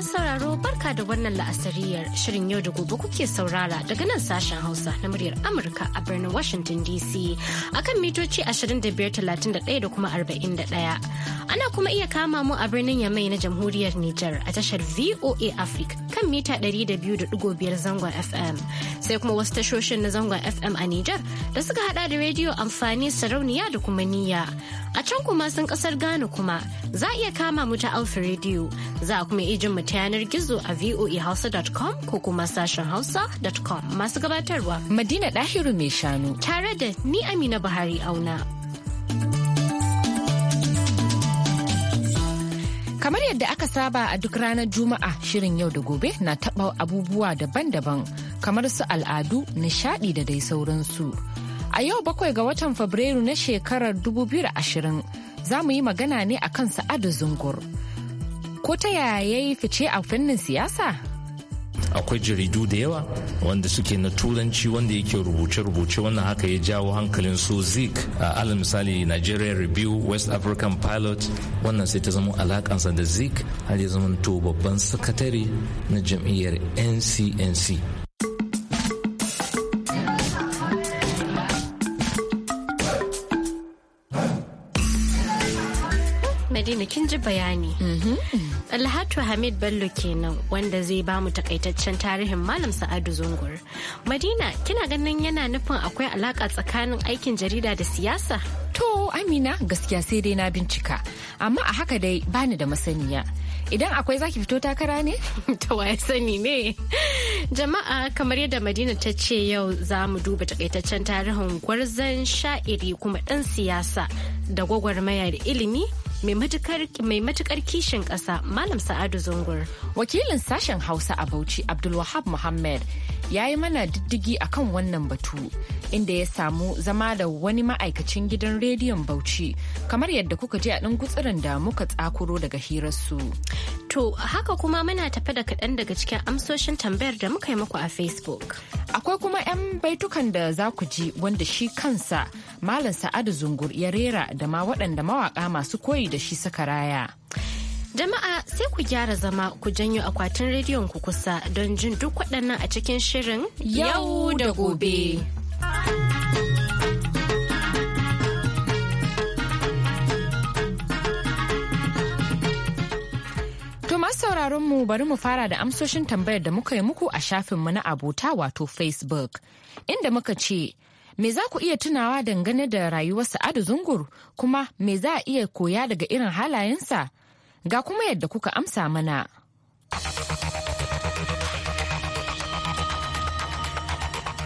masu sauraro barka da wannan la'asariyar shirin yau da gobe kuke saurara daga nan sashen Hausa na muryar Amurka a birnin Washington DC akan mitoci 2531 da kuma 41. Ana kuma iya kama mu a birnin Yamai na Jamhuriyar Nijar a tashar VOA Africa kan mita 200.5 zangon FM sai kuma wasu tashoshin na zangon FM a Nijar da suka hada da rediyo amfani sarauniya da kuma niyya. A can kuma sun kasar Ghana kuma za a iya kama mu ta Alfa Radio za a kuma ijin mu ta yanar gizo a voehausa.com ko kuma sashen hausa.com masu gabatarwa. Madina Dahiru mai shanu. Tare da ni Amina Buhari auna. Kamar yadda aka saba a duk ranar Juma'a shirin yau da gobe na taɓa abubuwa daban-daban kamar su al'adu, nishaɗi da dai sauransu. A yau bakwai ga watan Fabrairu na shekarar 2020 za mu yi magana ne a kan sa'adu zungur. Ko ta yaya ya yi fice a fannin siyasa? akwai jaridu da yawa wanda suke na turanci wanda yake rubuce-rubuce wannan haka ya jawo hankalin su zik a alal misali nigeria review west african pilot wannan sai ta zama alakansa da zik har ya zama to babban sakatare na jam'iyyar ncnc kin ji bayani. Mhm. Alhatu Hamid Bello kenan wanda zai ba mu takaitaccen tarihin Malam Sa'adu Zungur. Madina, kina ganin yana nufin akwai alaka tsakanin aikin jarida da siyasa? To, Amina gaskiya sai dai na bincika, amma a haka dai bani da masaniya. idan akwai zaki fito takara ne? ta waye sani ne. Jama'a kamar yadda Madina ta ce yau za mu duba takaitaccen tarihin gwarzon sha'iri kuma ɗan siyasa da gwagwarmaya da ilimi mai matukar kishin kasa Malam Sa'adu Zungur. Wakilin sashen Hausa a Bauchi Abdulwahab Muhammad ya yi mana diddigi a kan wannan batu inda ya samu zama da wani ma'aikacin gidan rediyon Bauchi kamar yadda kuka ji a ɗan da muka tsakuro daga hirarsu. To haka kuma muna tafe da kaɗan daga cikin amsoshin tambayar da muka yi muku a Facebook. Akwai kuma 'yan baitukan da za ku ji wanda shi kansa Malam Sa'adu Zungur ya rera da ma waɗanda mawaƙa masu koyi da shi suka raya. Jama'a sai ku gyara zama ku janyo akwatin rediyon ku kusa don jin duk waɗannan a cikin shirin yau da gobe. sauraron mu bari mu fara da amsoshin tambayar da muka yi muku a shafinmu na abota wato Facebook inda muka ce me za ku iya tunawa dangane da rayuwar Sa'adu Zungur kuma me za a iya koya daga irin halayensa Ga kuma yadda kuka amsa mana.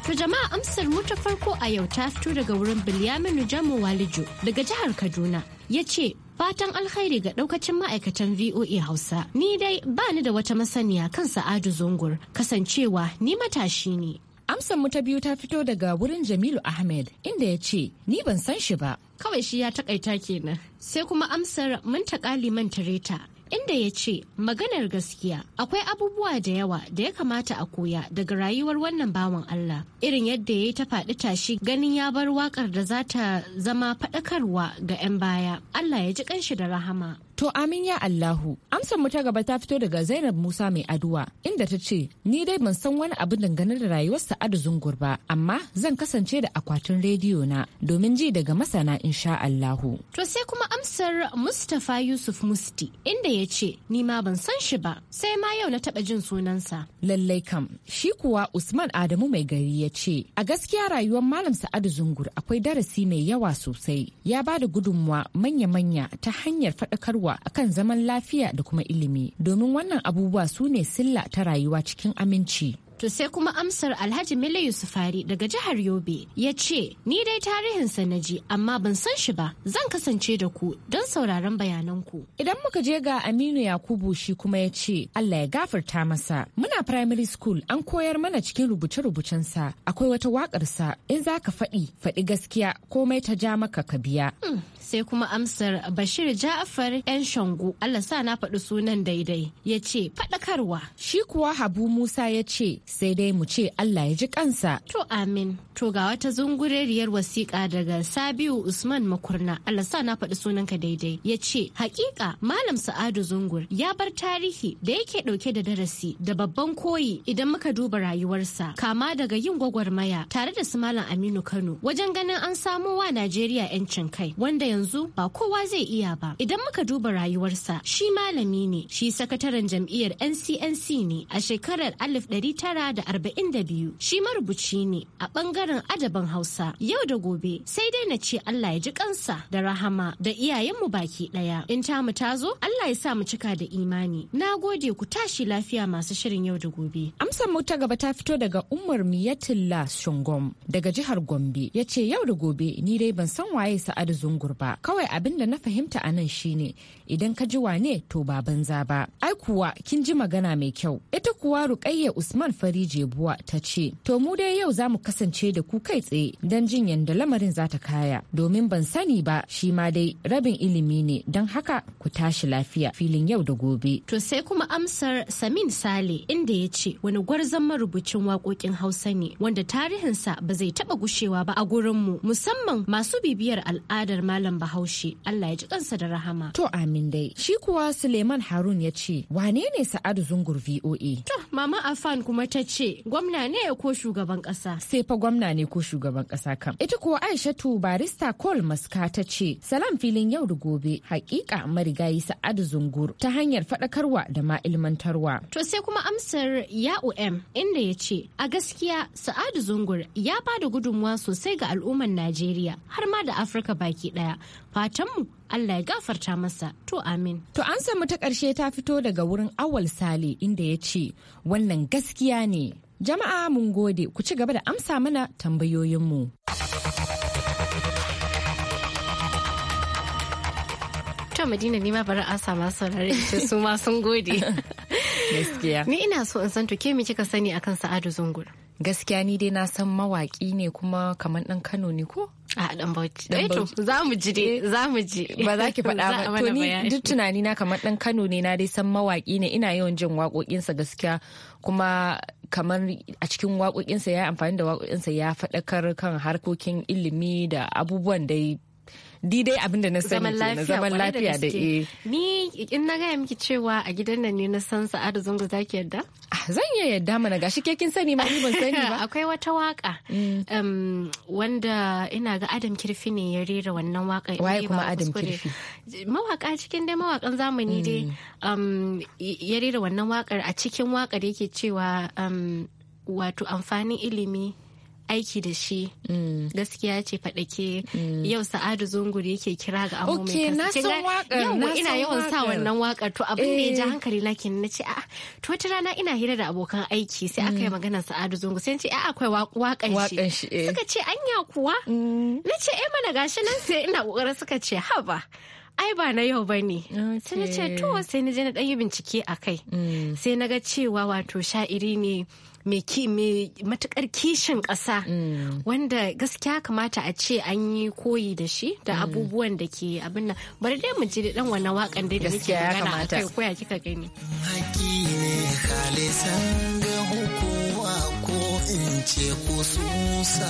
To jama'a amsar mu ta farko a yau ta fito daga wurin Bilyaminu Jamo Walijo daga jihar Kaduna ya ce fatan alkhairi ga daukacin ma'aikatan VOA Hausa. Ni dai bani da wata masaniya kan Sa'adu Zungur kasancewa ni matashi ne. Amsan mu ta biyu ta fito daga wurin Jamilu Ahmed inda ya ce ni ban san shi ba. Kawai shi ya takaita kenan. Sai kuma amsar mun taƙali man tareta. Inda ya ce maganar gaskiya akwai abubuwa da yawa da ya kamata a koya daga rayuwar wannan bawan Allah irin yadda ya yi ta faɗi tashi ganin ya bar waƙar da za ta zama faɗakarwa ga 'yan baya Allah ya ji shi da rahama To amin ya Allahu. Amsar mu ta gaba ta fito daga Zainab Musa mai aduwa inda ta ce ni dai ban san wani abu dangane da rayuwar Sa'adu Zungur ba amma zan kasance da akwatin rediyo na domin ji daga masana insha Allahu. To sai kuma amsar Mustapha Yusuf Musti inda ya ce ni ma ban san shi ba sai ma yau na taba jin sunansa. Lallai kam shi kuwa Usman Adamu mai gari ya ce a gaskiya rayuwar Malam Sa'adu Zungur akwai darasi mai yawa sosai ya ba da gudunmuwa manya-manya ta hanyar faɗakarwa akan zaman lafiya da kuma ilimi domin wannan abubuwa su ne silla ta rayuwa cikin aminci. To sai kuma amsar Alhaji Mele Yusufari daga jihar Yobe ya ce, Ni dai tarihinsa na ji, amma ban san shi ba, zan kasance da ku don sauraron bayananku. Idan muka je ga Aminu Yakubu shi kuma ya ce, Allah ya gafarta masa. Muna primary school an koyar mana cikin rubuce-rubucensa, akwai wata waƙarsa in za ka faɗi, faɗi gaskiya komai ta ja maka ka biya. Hmm, sai kuma amsar bashir ja'afar yan shangu allah sa na faɗi sunan daidai ya ce faɗakarwa shi kuwa habu musa ya ce sai dai mu ce Allah ya ji kansa. To amin. To ga wata zungureriyar wasiƙa daga Sabiu Usman Makurna. Allah sa na faɗi sunanka daidai. Ya ce, haƙiƙa Malam Sa'adu Zungur ya bar tarihi da yake ɗauke da darasi da babban koyi idan muka duba rayuwarsa. Kama daga yin gwagwarmaya tare da su Malam Aminu Kano wajen ganin an samo wa Najeriya 'yancin kai wanda yanzu ba kowa zai iya ba. Idan muka duba rayuwarsa shi malami ne shi sakataren jam'iyyar NCNC ne a shekarar 1900 da da arba'in biyu shi marubuci ne a bangaren adabin Hausa yau da gobe sai dai na ce Allah ya ji kansa da rahama da iyayenmu baki daya in tamu ta zo Allah ya sa mu cika da imani na gode ku tashi lafiya masu shirin yau da gobe amsar mu ta gaba ta fito daga Umar miyatilla Shungom daga jihar Gombe ya ce yau da gobe ni dai ban san waye Sa'adu Zungur ba kawai abin da na fahimta a nan shine idan ka ji wane to ba banza ba ai kuwa kin ji magana mai kyau ita kuwa Ruqayya Usman Jafari Jebuwa ta ce, To mu dai yau za mu kasance da ku kai tsaye don jin yadda lamarin za ta kaya domin ban sani ba shi ma dai rabin ilimi ne don haka ku tashi lafiya filin yau da gobe. To sai kuma amsar Samin Sale inda ya ce wani gwarzon marubucin waƙoƙin Hausa ne wanda tarihinsa ba zai taɓa gushewa ba a gurinmu musamman masu bibiyar al'adar Malam Bahaushe Allah ya ji kansa da rahama. To amin dai. Shi kuwa Suleiman Harun ya ce wane ne Sa'adu Zungur VOA? To Mama Afan kuma ta ce gwamna ne ko shugaban kasa. Sai fa gwamna ne ko shugaban kasa kam. Ita kuwa Aishatu barista Cole Maska ta ce salam filin yau da gobe hakika marigayi Sa'adu Zungur ta hanyar faɗakarwa da ma ilmantarwa. To sai kuma amsar ya UM inda ya ce a gaskiya Sa'adu Zungur ya ba da gudunmuwa sosai ga al'ummar Najeriya har ma da Afirka baki ɗaya. Fatanmu Allah ya gafarta masa to amin. To an samu ta ƙarshe ta fito daga wurin awal sale inda ya ce wannan gaskiya ne. Jama'a mun gode ku ci gaba da amsa mana tambayoyinmu. Ta Madina ne ma bari a sama saurare su ma sun gode. Gaskiya. Ni ina so in san to ke me kika sani akan Sa'adu Zungur? Gaskiya ni dai na san mawaki ne kuma kamar ɗan Kano ne ko? a dan bauchi dan eh, bauchi za ji dai eh. za ji ba za ki faɗa ba to ni duk tunani na kamar dan Kano ne na dai san mawaki ne ina yawan jin waƙoƙinsa gaskiya kuma kamar a cikin waƙoƙinsa ya amfani da waƙoƙinsa ya faɗakar kan harkokin ilimi da abubuwan dai. di dai abin da na sani na zaman lafiya da e ni in na gaya miki cewa a gidan nan ne na san sa'adu zungu ki yadda ah, zan iya yadda mana gashi ke kin sani ma ni ban sani ba akwai wata waka mm. um, wanda ina ga adam kirfi ne ya rera wannan waka waye kuma adam kirfi mawaka cikin dai mawakan zamani dai mm. um, ya rera wannan wakar a cikin wakar yake cewa um, wato amfanin ilimi aiki da shi mm. gaskiya ce faɗake mm. yau sa'adu zunguri yake kira ga amo mai kasa yau ina yawan sa wannan wakar to abin da ya ji eh. hankali na kin nace a to wata rana ina hira da abokan aiki sai aka yi mm. magana sa'adu zungu sai ce a akwai wakan shi eh. suka ce anya kuwa na ce eh mana gashi nan sai ina kokari suka ce haba ai ba na yau ba ne. Sai na ce to sai na je na ɗan yi bincike a kai. Sai na ga cewa wato sha'iri ne mai matukar kishin ƙasa mm. wanda gaskiya kamata a ce an yi koyi da shi da mm. abubuwan da ke abin nan bari dai mu ji dan wannan wakan dai da muke magana akai koya kika gani haƙi ne khalisan ga hukuma ko in ce kususa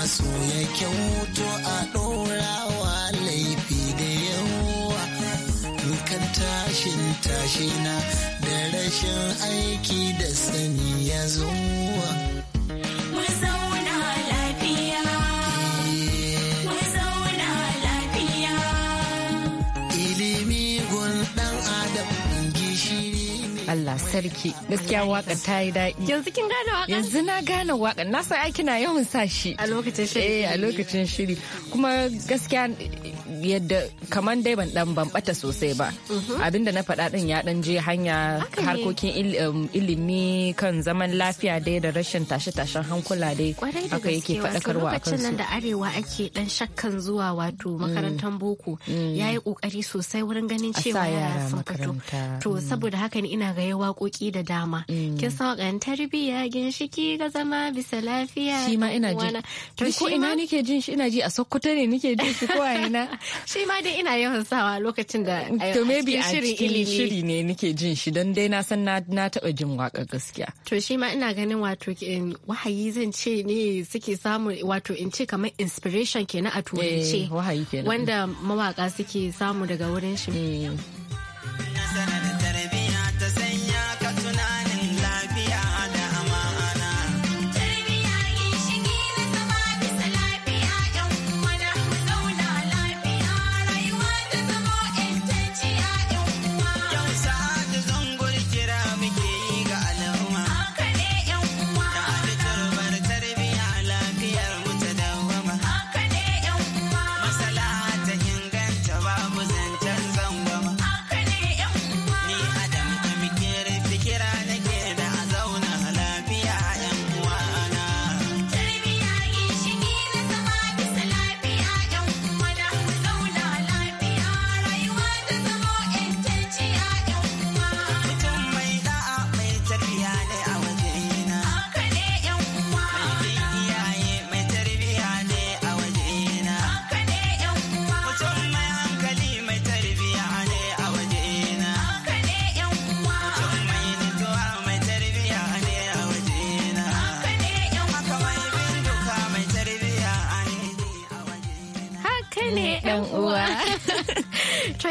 masu yake kyautu a ɗorawa laifi da yawa dukan tashin tashina da rashin aiki da sani ya zuwa. Allah sarki gaskiya waka ta yi daɗi yanzu kin gane waka yanzu na gane waka na san ai kina yawan sa shi a lokacin shiri eh a lokacin shiri kuma gaskiya yadda kaman dai ban dan bambata sosai ba mhm. abinda na faɗa din ya dan je hanya harkokin um, ilimi kan zaman lafiya dai da rashin tashe-tashen hankula dai haka yake faɗakarwa a kansu lokacin nan da arewa ake dan shakkan zuwa wato mm. makarantar boko mm. yayi kokari sosai wurin ganin cewa ya sun fito to mm. saboda haka ne ina ga waƙoƙi da dama kin san waƙan tarbiyya ginshiki ga zama bisa lafiya shi ma ina ji ko ina nake jin shi ina ji a sokoto ne nake jin shi ko a ina shi ma dai ina yawan sawa lokacin da eh, to maybe a cikin shiri ne nake jin shi don dai na san na taba jin waka gaskiya to shi ma ina ganin wato eh, wahayi zan ce ne suke samu wato in ce kamar inspiration kenan a turance eh, wanda mawaka suke samu daga wurin shi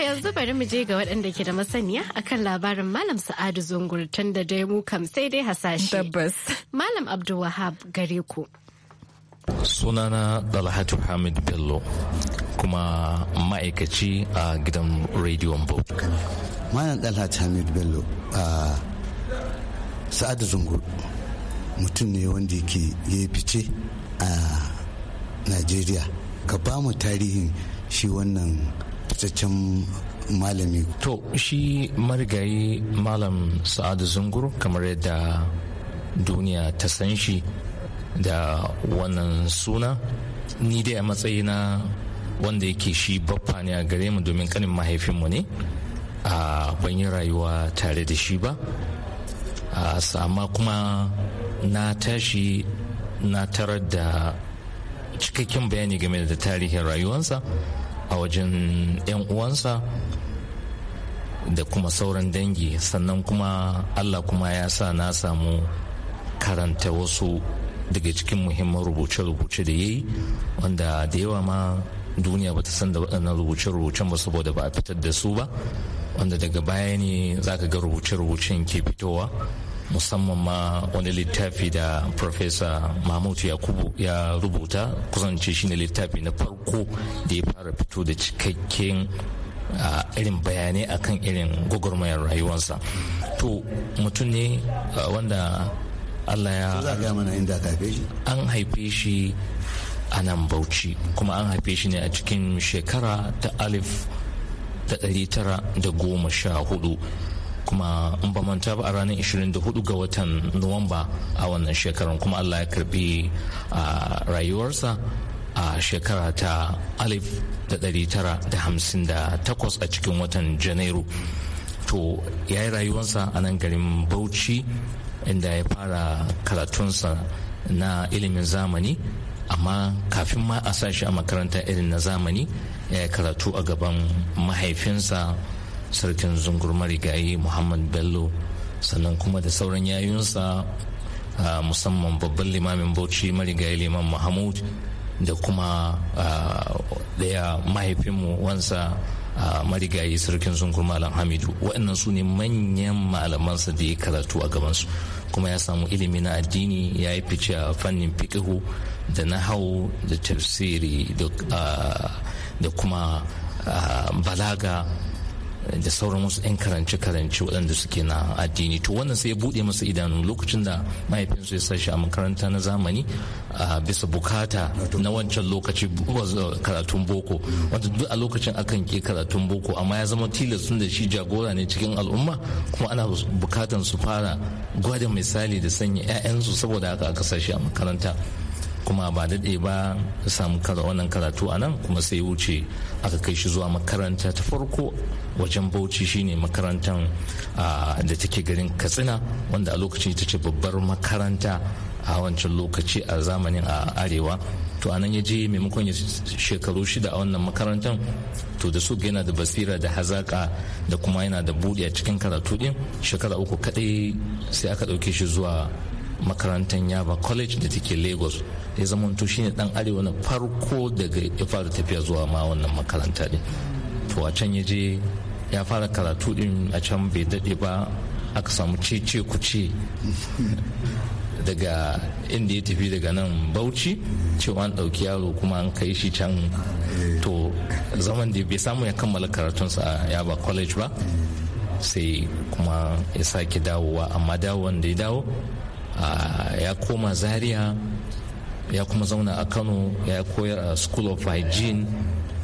yanzu bari mu je ga waɗanda ke da masaniya akan labarin Malam Sa'adu Zungur tun da dai mu kam sai dai hasashi Tabbas. Malam Abdulwahab gare ku. Sunana Dalhatu Hamid Bello kuma ma'aikaci a gidan Radio Bob. Malam Dalhatu Hamid Bello a Sa'adu Zungur mutum ne wanda yake ya fice a Najeriya. Ka ba mu tarihin shi wannan nagartaccen malami. To shi marigayi malam sa'adu zungur kamar yadda duniya ta san shi da wannan suna ni dai a matsayina wanda yake shi baffa ne a gare mu domin kanin mahaifinmu ne a ban yi rayuwa tare da shi ba amma kuma na tashi na tarar da cikakken bayani game da tarihin rayuwansa. a wajen 'yan uwansa da kuma sauran dangi sannan kuma allah kuma ya sa na samu karanta wasu daga cikin muhimman rubuce-rubuce da ya yi wanda da yawa ma duniya bata san da waɗannan rubuce-rubucen ba saboda ba a fitar da su ba wanda daga baya ne za ka ga rubuce-rubucen ke fitowa musamman ma wani littafi da Profesa Mahmud Yakubu ya rubuta kusance shine littafi na farko da ya fara fito da cikakken a irin bayanai akan irin gwagwarmayar rayuwarsa to mutum ne wanda allah ya an haife shi a nan bauchi kuma an haife shi ne a cikin shekara ta alif da ɗari tara da goma sha hudu kuma in ba manta ba a ranar 24 ga watan nuwamba a wannan shekarar kuma allah ya karbi a rayuwarsa a shekara ta 1958 a cikin watan janairu to ya yi rayuwarsa a nan garin bauchi inda ya fara karatunsa na ilimin zamani amma kafin ma a sashi a makaranta irin na zamani ya karatu a gaban mahaifinsa sarkin zungur marigayi muhammad bello sannan kuma da sauran yayunsa musamman babban limamin bauchi marigayi liman mahmud da kuma daya mahaifinmu wansa marigayi sarkin zungur malam hamidu waɗannan su ne manyan malamansa da ya karatu a gabansu kuma ya samu ilimi na addini ya yi fice a fannin fikihu da nahau da tafsiri da kuma balaga da sauran wasu 'yan karance-karance waɗanda suke na addini to wannan sai ya buɗe masa idanu lokacin da mahaifinsu ya sashi a makaranta na zamani a bisa bukata na wancan lokaci uh, karatun boko wanda duk a lokacin akan ke karatun boko amma ya zama tilas tun da shi jagora ne cikin al'umma kuma ana bukatan su fara gwada misali da sanya 'ya'yansu saboda haka aka sashi a makaranta kuma ba daɗe ba samu kara wannan karatu a nan kuma sai wuce aka kai shi zuwa makaranta ta farko wajen bauchi shine makarantar da take garin katsina wanda a lokacin ita ce babbar makaranta a wancan lokaci a zamanin a arewa to nan ya je maimakon ya shekaru shida a wannan makarantar to da su yana da basira da hazaka da kuma yana da buɗe a cikin karatu din shekara uku kaɗai sai aka ɗauke shi zuwa makarantar yaba college da take lagos ya zamanto shine dan arewa na farko daga ya fara tafiya zuwa ma wannan makaranta din to a can ya je ya fara karatu din a can bai dade ba aka samu cece kuce daga inda ya tafi daga nan bauchi cewa an dauki yaro kuma an kai shi can to zaman da bai samu ya kammala karatunsa a yaba college ba sai kuma ya sake dawowa amma da wanda ya dawo Ah, ya koma zaria ya kuma zauna a kano ya koyar a school of hygiene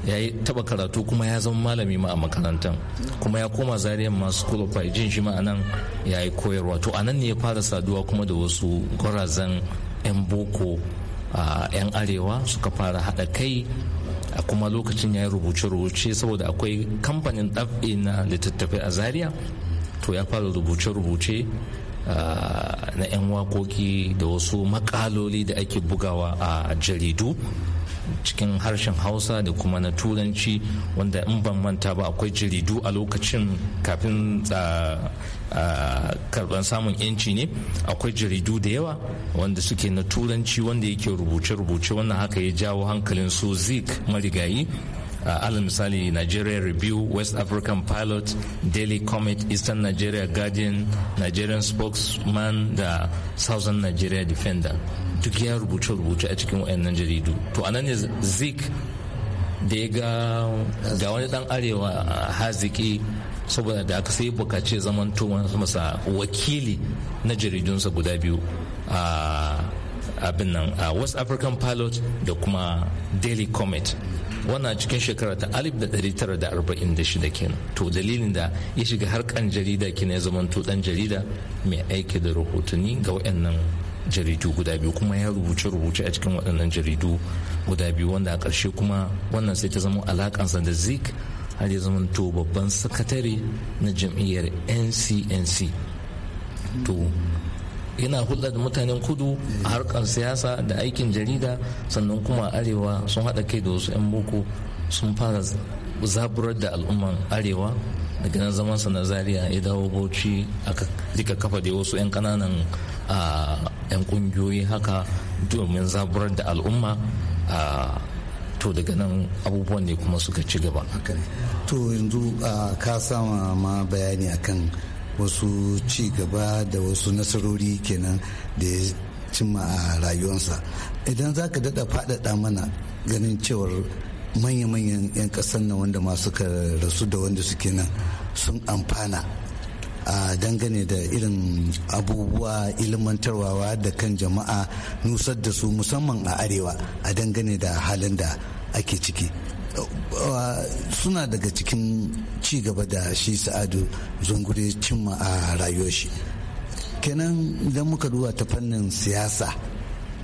ya yi taba karatu kuma ya zama malami ma a makarantar kuma ya koma Zariya ma school of hygiene shi ma nan ya yi koyarwa to anan ne ya fara saduwa kuma da wasu gwarazan 'yan boko a 'yan arewa suka fara haɗa kai a kuma lokacin ya yi rubuce-rubuce saboda akwai kamfanin ɗab'i na littattafai a Zariya to ya fara rubuce-rubuce Ah, na 'yan wakoki da wasu makaloli da ake bugawa a jaridu cikin harshen hausa da kuma na turanci wanda in ban manta ba akwai jaridu a lokacin kafin ah, ah, karban samun yanci ne akwai jaridu da yawa wanda suke na turanci wanda yake rubuce-rubuce wannan haka ya jawo hankalin su zik marigayi Uh, alal misali nigeria review west african pilot daily comet eastern nigeria guardian nigerian spokesman da southern nigeria defender duk ya rubuce-rubuce a cikin wayannan jaridu to anan ne zik da ya ga wani dan arewa uh, haziki saboda da aka sai bukaci zaman masa wakili na jaridunsa guda biyu a abin nan a west african pilot da kuma daily comet wannan cikin shekara ta alif da da tara arba'in 1946 kenan to dalilin da ya shiga harkan jarida kina ya zama to dan jarida mai aiki da rahotanni ga waɗannan jaridu guda biyu kuma ya rubuce rubuce a cikin waɗannan jaridu guda biyu wanda a ƙarshe kuma wannan sai ta zama alaƙansa da zik har ya zama to babban sakatare na jam'iyyar ncnc to yana hulɗa da mutanen kudu a harkar siyasa da aikin jarida sannan kuma arewa sun haɗa kai da wasu 'yan boko sun fara zaburar da al'umman arewa daga nan zaman sa na zaria ya dawo bauchi aka rika kafa da wasu 'yan kananan 'yan kungiyoyi haka domin zaburar da al'umma to daga nan abubuwan ne kuma suka ci gaba to yanzu ka sama ma bayani akan wasu ci gaba da wasu nasarori kenan da ya cimma a rayuwarsa idan za ka daɗa faɗaɗa mana ganin cewar manya-manyan 'yan ƙasar nan wanda masu ka rasu da wanda suke nan sun amfana a dangane da irin abubuwa ilmantarwa da kan jama'a nusar da su musamman a arewa a dangane da halin da ake ciki suna daga cikin ci gaba da shi sa'adu zungure cimma a rayuwar shi kenan idan muka duba ta fannin siyasa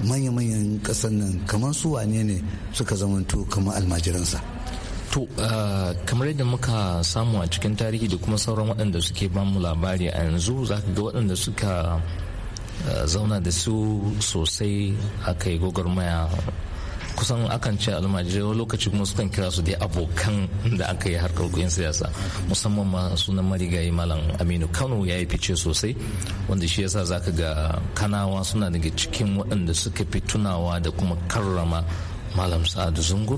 manya-manyan kasan nan kamar su wane ne suka zamanto kamar almajiransa to kamar yadda muka samu a cikin tarihi da kuma sauran waɗanda suke bamu labari a yanzu za ka ga waɗanda suka zauna da su sosai kai gogar maya. kusan akan ce almajirai wani lokaci kuma sukan kira su dai abokan da aka yi harkar kuɗin siyasa musamman ma sunan marigayi malam aminu kano ya yi fice sosai wanda shi yasa zaka ga kanawa suna daga cikin waɗanda suka fi tunawa da kuma karrama malam sa'adu zungur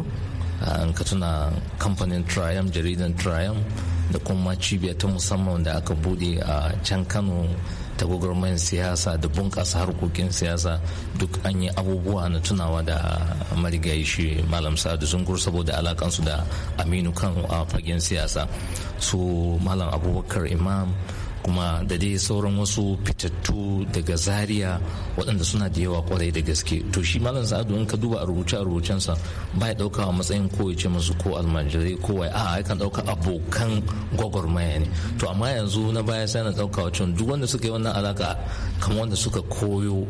an ka tuna kamfanin triumph jaridan triumph da kuma cibiya ta musamman da aka buɗe a can kano ta gwagwarmayar siyasa da bunƙasa harkokin siyasa duk an yi abubuwa na tunawa da marigayi shi malam sa'adu zungur saboda alakansu da aminu kan a fagen siyasa su malam abubakar imam kuma da dai sauran wasu fitattu daga zaria waɗanda suna da yawa kwarai da gaske to shi malam sa'adu in ka duba a rubuce a rubucensa ba ya ɗauka matsayin ko ya ce musu ko almajirai ko wai a yakan ɗauka abokan gwagwarmaya ne to amma yanzu na baya sai na ɗauka wacce duk wanda suka yi wannan alaka kamar wanda suka koyo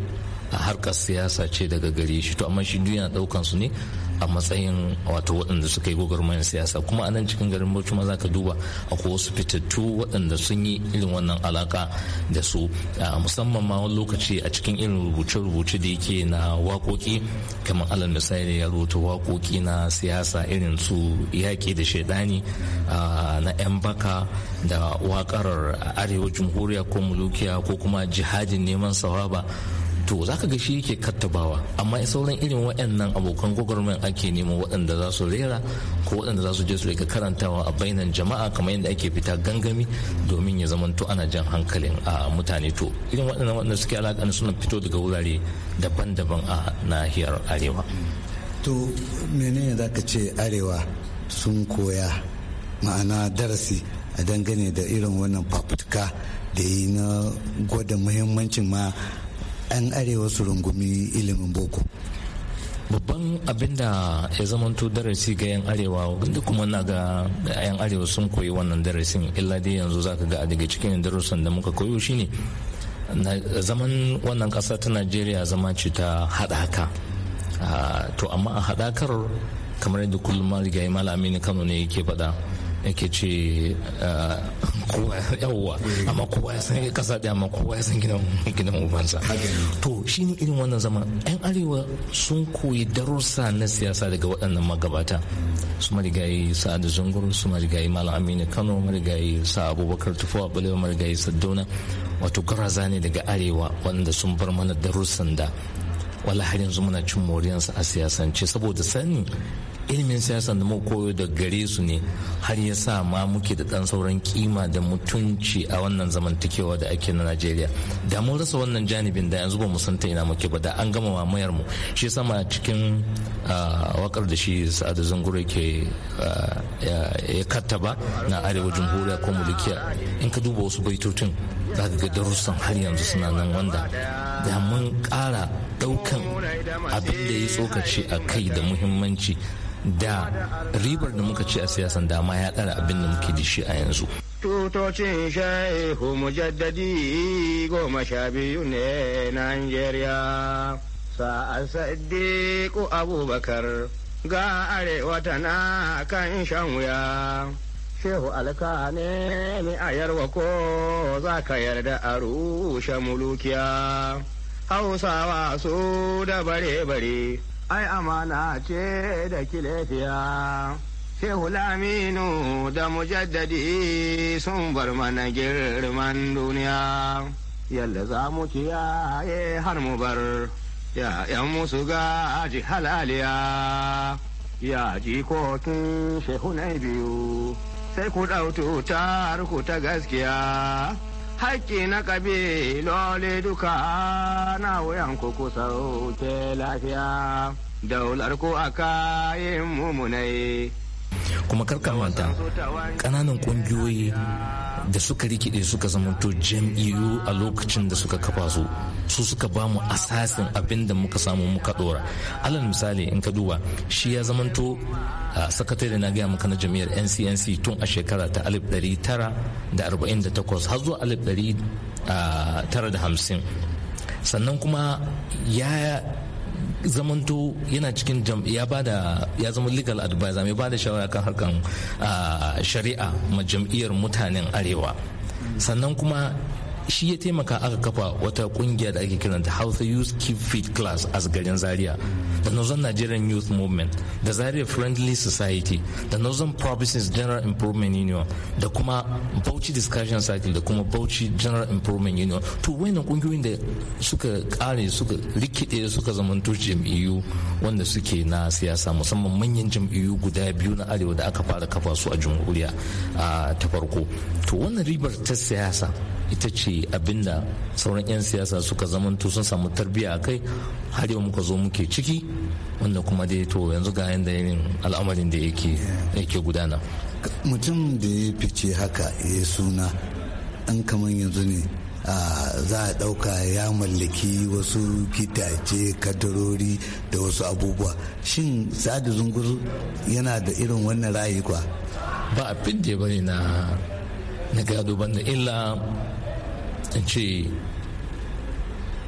a harkar siyasa ce daga gare shi to amma shi duk yana daukan su ne a matsayin wato waɗanda suka yi gogar gwagwarmayar siyasa kuma a nan cikin garin bauchi ma za ka duba akwai wasu fitattu waɗanda sun yi irin wannan alaka da su musamman ma wani lokaci a cikin irin rubuce-rubuce da yake na waƙoƙi kamar alal misali ya rubuta waƙoƙi na siyasa irin su yaƙi da shaidani na 'yan baka da waƙarar arewa jamhuriya ko mulukiya ko kuma jihadin neman sawaba to za ka ga shi yake kattabawa amma sauran irin waɗannan abokan gwagwarmayan ake nema waɗanda za su rera ko waɗanda za su je su rika karantawa a bainan jama'a kamar yadda ake fita gangami domin ya to ana jan hankalin a mutane to irin waɗannan waɗanda suke alaƙa suna fito daga wurare daban-daban a nahiyar arewa to menene za ka ce arewa sun koya ma'ana darasi a dangane da irin wannan fafutuka da yi na gwada muhimmancin ma 'yan arewa su rungumi ilimin boko babban abin da ya zamanto darasi ga 'yan arewa wanda kuma na ga 'yan arewa sun koyi wannan darasin illa dai yanzu za ka ga daga cikin darussan da muka koyo shine zaman wannan kasa ta najeriya zama ce ta haɗaka ah, to amma a haɗakar kamar yadda kullum marigayi malami kano ne yake faɗa yake ce ah, kowa yawwa amma kowa ya san kasa ɗaya amma kowa ya san gidan ubansa to shine irin wannan zama yan arewa sun koyi darussa na siyasa daga waɗannan magabata su marigayi sa'adu zunguru su marigayi malam aminu kano marigayi sa abubakar a bulewa marigayi saddona wato garaza ne daga arewa wanda sun bar mana darussan da wala har yanzu muna cin moriyansa a siyasance saboda sani ilimin siyasa da muka koyo da gare su ne har ya sa ma muke da ɗan sauran kima da mutunci a wannan zamantakewa da ake na Najeriya da mun rasa wannan janibin da yanzu ba mu san ta ina muke ba da an gama mamayar mu shi sama cikin wakar da shi Sa'adu Zangure ke ya kattaba na arewa jamhuriya ko mulkiya in ka duba wasu baitutun za ka ga darussan har yanzu suna nan wanda da mun ƙara ɗaukan abin da ya tsokaci a kai da muhimmanci da ribar da muka ci a siyasan dama ya ɗara abin da muke da shi a yanzu. Tutocin shaihu mujaddadi goma sha biyu ne Najeriya, sa'ad Sadiku Abubakar ga arewa na kan shan wuya. shehu alkane mi a yarwa ko za ka yarda a rushe mulukiya hausawa su da bare-bare ai amana ce da kilefiya shehu laminu da mujaddadi sun bar mana girman duniya yalla za mu kiyaye har mu bar ya'yan musu gaji halaliya ya jikokin shehu na biyu sai ku ɗautu harku ta gaskiya. haƙƙi na ƙabilole duka na wuyan ku ku sauke lafiya, daular ku a kayan mumunai. Kuma karkamanta ƙananan ƙungiyoyi da suka rikide suka zamanto jam'iyyu a lokacin da suka kafa su su suka ba mu asasin abin da muka samu muka dora alal misali in ka duba shi ya zamanto sakatare na gaya maka na jam'iyyar ncnc tun a shekara ta 1948 har zuwa 1950 sannan kuma ya zamanto yana cikin ba da ya zama legal advisor mai ba da shawara kan harkan ah, shari'a ma jam'iyyar mutanen arewa sannan kuma shi ya taimaka aka kafa wata kungiya da ake kiranta Hausa Youth Keep Fit Class as garin Zaria da Northern Nigerian Youth Movement da Zaria Friendly Society da Northern Provinces General Improvement Union da kuma Bauchi Discussion Circle da kuma Bauchi General Improvement Union to wani kungiyoyin da suka kare suka rikide suka zamanto jam'iyyu wanda suke na siyasa musamman manyan jam'iyyu guda biyu na arewa da aka fara kafa su a jamhuriya ta farko to wannan ribar ta siyasa ita ce abinda sauran 'yan siyasa suka zamanto sun samu tarbiyya a kai har yau muka zo muke ciki wanda kuma dai to yanzu ga yanda yin al'amarin da yake gudana mutum da ya fice haka ya suna an kamar yanzu ne za a ɗauka ya mallaki wasu kitace kadarori da wasu abubuwa shin sa'adu zungur yana da irin wannan ra'ayi kwa ba a da bane na gado banda illa in ce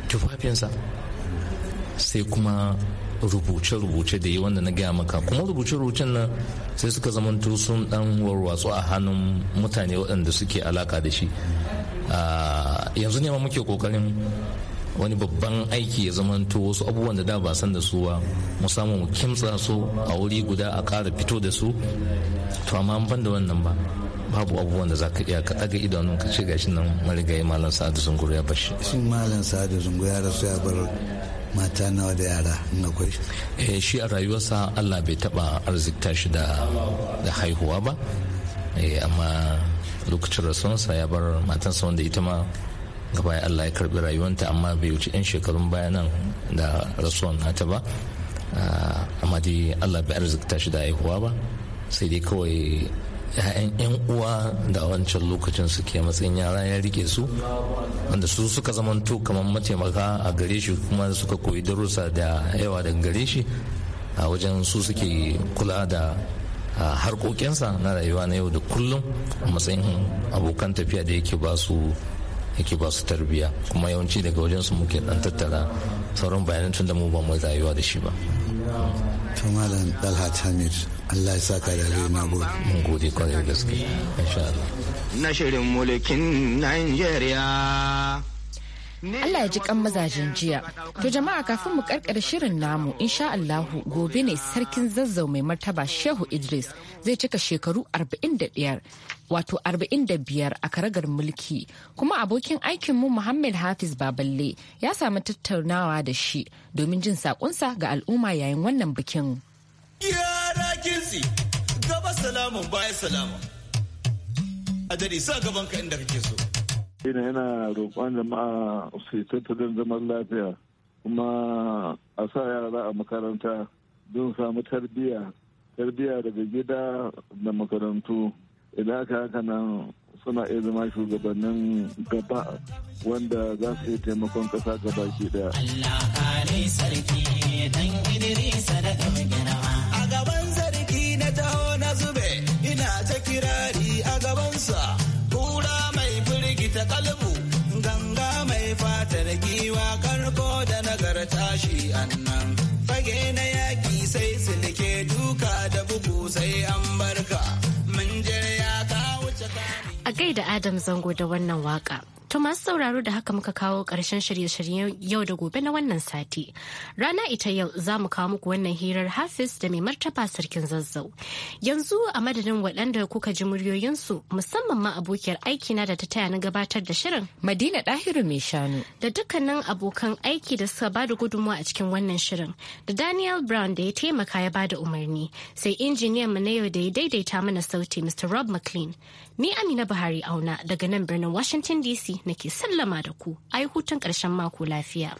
tufafinsa sai kuma rubuce-rubuce da yi wanda na gaya maka kuma rubuce-rubucen nan sai suka zamanto sun dan warwatsu a hannun mutane waɗanda suke alaka da shi yanzu ne ma muke kokarin wani babban aiki ya zamanto wasu abubuwan da da ba san da su ba mu samu mu kimtsa su a wuri guda a ƙara fito da su to amma ban da wannan ba babu abubuwan da za ka iya ka ɗaga idanun ka ce gashi nan marigayi malam sa'adu zungur ya bashi shin malam sa'adu zungur ya rasu ya bar mata nawa da yara in akwai eh shi a rayuwarsa Allah bai taba arzikta shi da da haihuwa ba eh amma lokacin rasuwarsa ya bar matansa wanda ita ma gaba Allah ya karbi rayuwanta amma bai wuce 'yan shekarun baya nan da rasuwan nata ba ah, amma dai Allah bai arzikta shi da haihuwa ba sai dai kawai 'ya'yan 'yan uwa da wancan lokacin suke matsayin yara ya rike su wanda su suka zamanto kamar mataimaka a gare shi kuma suka koyi darussa da yawa daga gare shi a wajen su suke kula da harkokinsa na rayuwa na yau da kullum a matsayin abokan tafiya da yake ba su yake ba su tarbiya kuma yawanci daga wajen su muke dan tattara sauran bayanan tun da mu ba mu rayuwa da shi ba to malam dalha tamir allah ya ka da rai na mun gode kwarai gaske insha na shirin mulkin Najeriya Allah ya ji kan mazajen jiya. To jama'a kafin mu karkar shirin namu insha Allahu gobe ne sarkin zazzau mai martaba Shehu Idris zai cika shekaru 41 wato 45 a karagar mulki kuma abokin aikinmu Muhammad Hafiz Baballe ya samu tattaunawa da shi domin jin sakonsa ga al'umma yayin wannan bikin. Yara kinsi gaba salamun baya salama. A dare sa gaban ka inda kake so. Ina yana roƙon jama'a su tattalin zaman lafiya kuma a sa yara a makaranta don samu tarbiyya tarbiyya daga gida da makarantu idan aka haka nan suna iya zama shugabannin gaba wanda za su iya taimakon ƙasa gaba ki daya. Allah kare sarki dan Idrisa da A gaban sarki na taho na zube ina ta kirari a gabansa. duka da bugu sai an barka. Mun ya ka wuce A gaida Adam Zango da wannan waka. To masu sauraro da haka muka kawo ƙarshen shirye-shiryen yau da gobe na wannan sati. Rana ita yau za mu kawo muku wannan hirar Hafiz da mai martaba sarkin zazzau. Yanzu a madadin waɗanda kuka ji muryoyinsu musamman ma abokiyar aiki na da ta taya na gabatar da shirin. Madina Ɗahiru mai shanu. Da dukkanin abokan aiki da suka ba da gudunmawa a cikin wannan shirin. Da Daniel Brown da ya taimaka ya ba da umarni. Sai injiniyan mu na yau da ya daidaita mana sauti Mr. Rob McLean. Ni Amina Buhari Auna daga nan birnin Washington DC nake sallama da ku a yi hutun ƙarshen mako lafiya.